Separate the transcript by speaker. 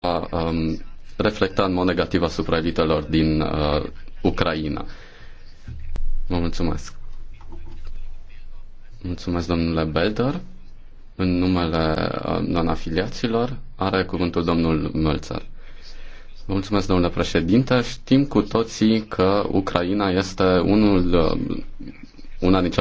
Speaker 1: a um, reflecta în mod negativ asupra elitelor din uh, Ucraina. Vă mulțumesc. Mulțumesc, domnule Belder. În numele uh, non-afiliaților are cuvântul domnul Mölzer. Mulțumesc, domnule președinte. Știm cu toții că Ucraina este unul, uh, una din cele